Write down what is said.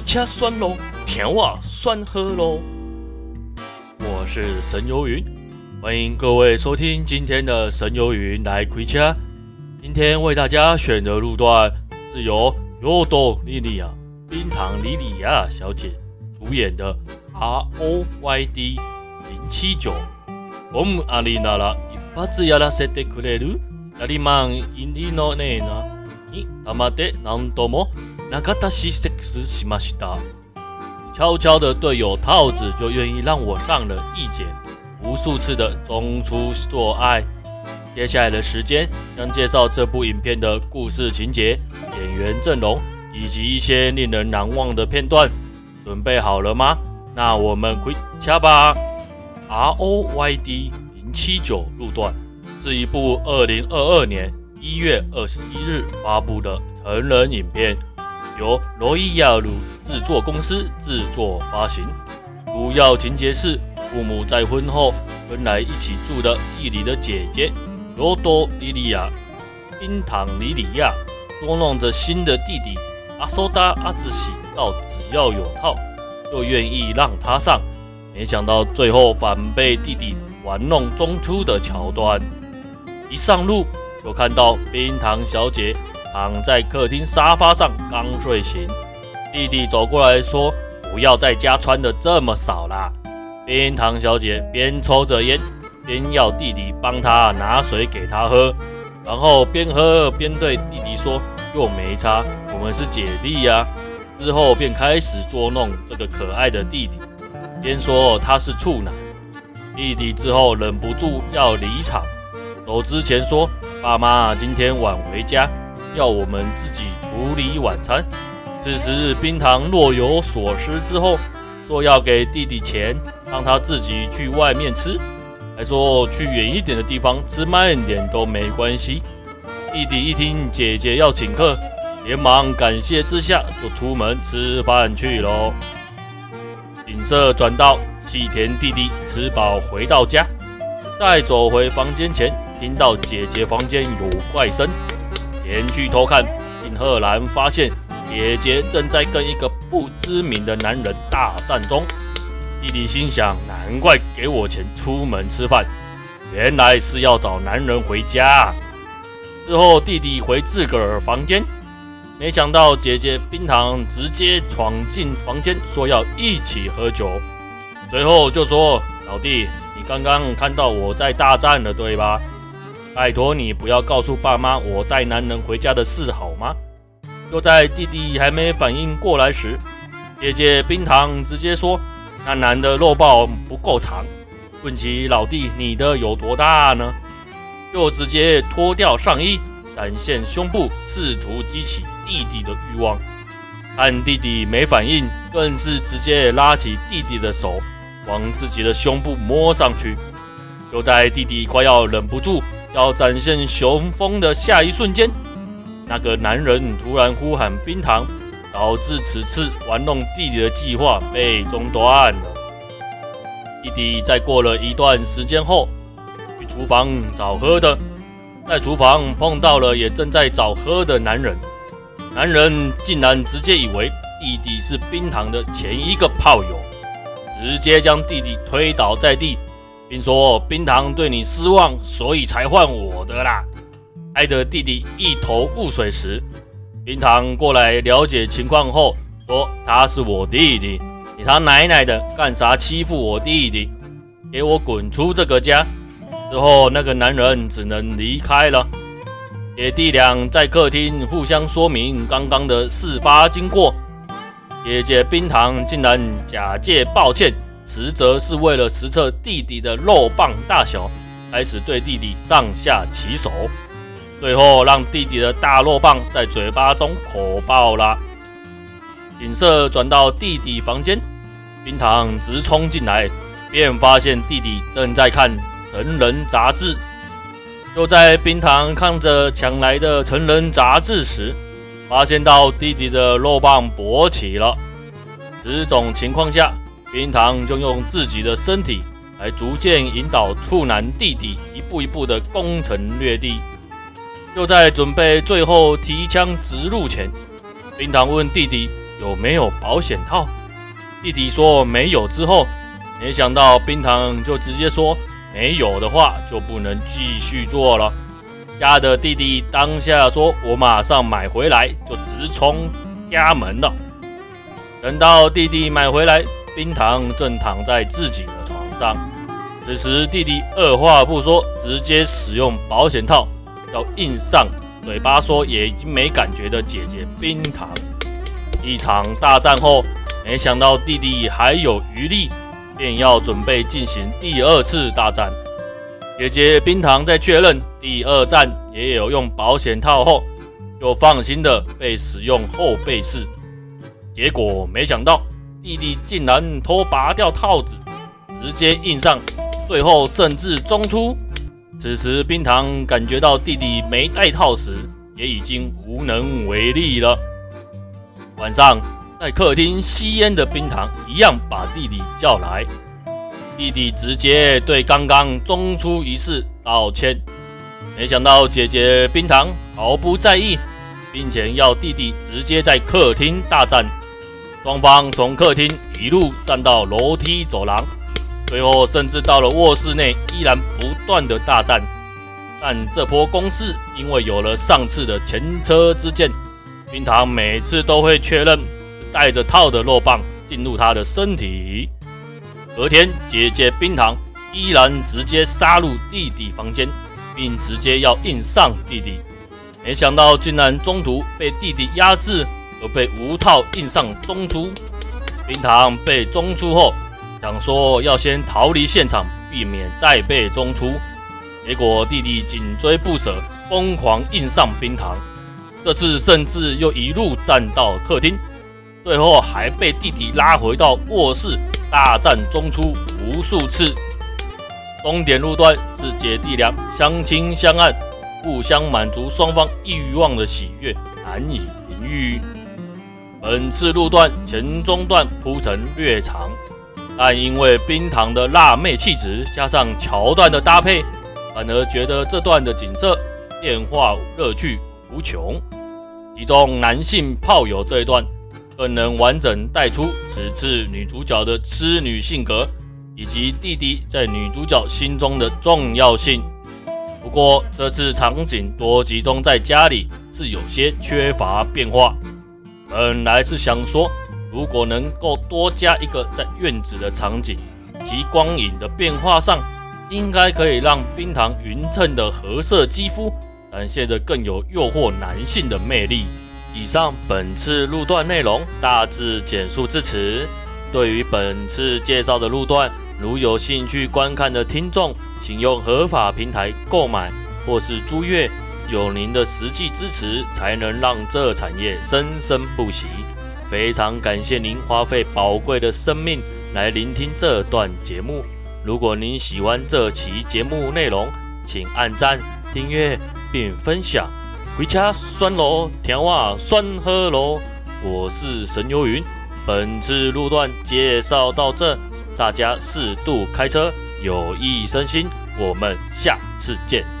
吃酸咯，甜哇酸喝咯。我是神游雲，歡迎各位收聽今天的神游雲來開車。今天為大家選的路段是由優多莉莉亞、冰堂莉莉亞小姐主演的 R O Y D 零七九。那個大西西西馬西達，悄悄的隊友套子就願意讓我上了義姐，無數次的中出做愛。接下來的時間將介紹這部影片的故事情節、演員陣容以及一些令人難忘的片段。準備好了嗎？那我們回家吧。ROYD 零七九路段是一部二零二二年一月二十一日發布的成人影片。由羅伊亞魯製作公司製作發行。主要情節是，父母在婚後跟來一起住的義理的姐姐羅多莉莉亞（冰堂莉莉亞）捉弄着新的弟弟阿蘇達阿茲喜，到只要有套就願意讓他上，沒想到最後反被弟弟玩弄中出的橋段。一上路就看到冰堂小姐。躺在客廳沙發上剛睡醒，弟弟走過來說：“不要在家穿得這麼少啦。”冰堂小姐邊抽着煙，邊要弟弟幫她拿水給她喝，然後邊喝邊對弟弟說：“又沒差，我們是姐弟呀。”之後便開始捉弄這個可愛的弟弟，邊說他是處男。弟弟之後忍不住要離場，走之前說：“爸媽今天晚回家。”要我們自己處理晚餐。此時，冰堂若有所思之後，說要給弟弟錢，讓他自己去外面吃，還說去遠一點的地方吃慢一點都沒關係。弟弟一聽姐姐要請客，連忙感謝之下就出門吃飯去嘍。景色轉到細田弟弟吃飽回到家，在走回房間前，聽到姐姐房間有怪聲。前去偷看，並赫然發現姐姐正在跟一個不知名的男人大戰中。弟弟心想：難怪給我錢出門吃飯，原來是要找男人回家。之後弟弟回自個兒房間，沒想到姐姐冰堂直接闖進房間，說要一起喝酒。隨後就說：“老弟，你剛剛看到我在大戰了，對吧？”拜託你不要告訴爸媽我帶男人回家的事好嗎？就在弟弟還沒反應過來時，姐姐冰堂直接說：“那男的肉棒不夠長。”問起老弟你的有多大呢？就直接脫掉上衣，展現胸部，試圖激起弟弟的欲望。看弟弟沒反應，更是直接拉起弟弟的手，往自己的胸部摸上去。就在弟弟快要忍不住。要展現雄風的下一瞬間，那個男人突然呼喊冰糖，導致此次玩弄弟弟的計劃被中斷了。弟弟在過了一段時間後去廚房找喝的，在廚房碰到了也正在找喝的男人，男人竟然直接以為弟弟是冰糖的前一個炮友，直接將弟弟推倒在地。並說氷堂對你失望，所以才換我的啦。害得弟弟一頭霧水時，氷堂過來了解情況後說：“他是我弟弟，你他奶奶的幹啥欺負我弟弟？給我滾出這個家！”之後那個男人只能離開了。姐弟倆在客廳互相說明剛剛的事發經過。姐姐氷堂竟然假借抱歉。實則是為了實測弟弟的肉棒大小，開始對弟弟上下其手，最後讓弟弟的大肉棒在嘴巴中口爆了。景色轉到弟弟房間，冰堂直衝進來，便發現弟弟正在看成人雜誌。就在冰堂看着搶來的成人雜誌時，發現到弟弟的肉棒勃起了。此種情況下。冰堂就用自己的身體來逐漸引導處男弟弟一步一步的攻城略地。就在準備最後提槍直入前，冰堂問弟弟有沒有保險套，弟弟說沒有。之後，沒想到冰堂就直接說沒有的話就不能繼續做了，嚇得弟弟當下說：“我馬上買回來就直衝家門了。”等到弟弟買回來。冰堂正躺在自己的床上，此時弟弟二話不說，直接使用保險套要硬上嘴巴說也已經沒感覺的姐姐冰堂。一場大戰後，沒想到弟弟還有餘力，便要準備進行第二次大戰。姐姐冰堂在確認第二戰也有用保險套後，就放心的被使用後背式，結果沒想到。弟弟竟然脫拔掉套子，直接硬上，最後甚至中出。此時冰堂感覺到弟弟沒戴套時，也已經無能為力了。晚上在客廳吸煙的冰堂一樣把弟弟叫來，弟弟直接對剛剛中出一事道歉，沒想到姐姐冰堂毫不在意，並且要弟弟直接在客廳大戰。雙方從客廳一路站到樓梯走廊，最後甚至到了臥室內，依然不斷的大戰。但這波攻勢因為有了上次的前車之鑑，冰堂每次都會確認帶着套的肉棒進入他的身體。隔天，姐姐冰堂依然直接殺入弟弟房間，並直接要硬上弟弟，沒想到竟然中途被弟弟壓制。被無套印上中出，氷堂被中出後，想說要先逃離現場，避免再被中出。結果弟弟緊追不舍，瘋狂印上氷堂。這次甚至又一路戰到客廳，最後還被弟弟拉回到臥室大戰中出無數次。終點路段是姐弟倆相親相愛，互相滿足雙方欲望的喜悅難以言喻。本次路段前中段鋪陳略長，但因為冰堂的辣妹氣質加上橋段的搭配，反而覺得這段的景色變化樂趣無窮。其中男性炮友這一段，更能完整帶出此次女主角的痴女性格，以及弟弟在女主角心中的重要性。不過這次場景多集中在家裡，是有些缺乏變化。本來是想說，如果能夠多加一個在院子的場景，及光影的變化上，應該可以讓冰堂勻稱的褐色肌膚，展現得更有誘惑男性的魅力。以上本次路段內容大致簡述至此。對於本次介紹的路段，如有興趣觀看的聽眾，請用合法平台購買或是租閱。有您的實際支持，才能讓這產業生生不息。非常感謝您花費寶貴的生命來聆聽這段節目。如果您喜歡這期節目內容，請按讚、訂閱並分享。回家酸羅，甜話酸喝羅。我是神游雲，本次路段介紹到這，大家適度開車，有益身心。我們下次見。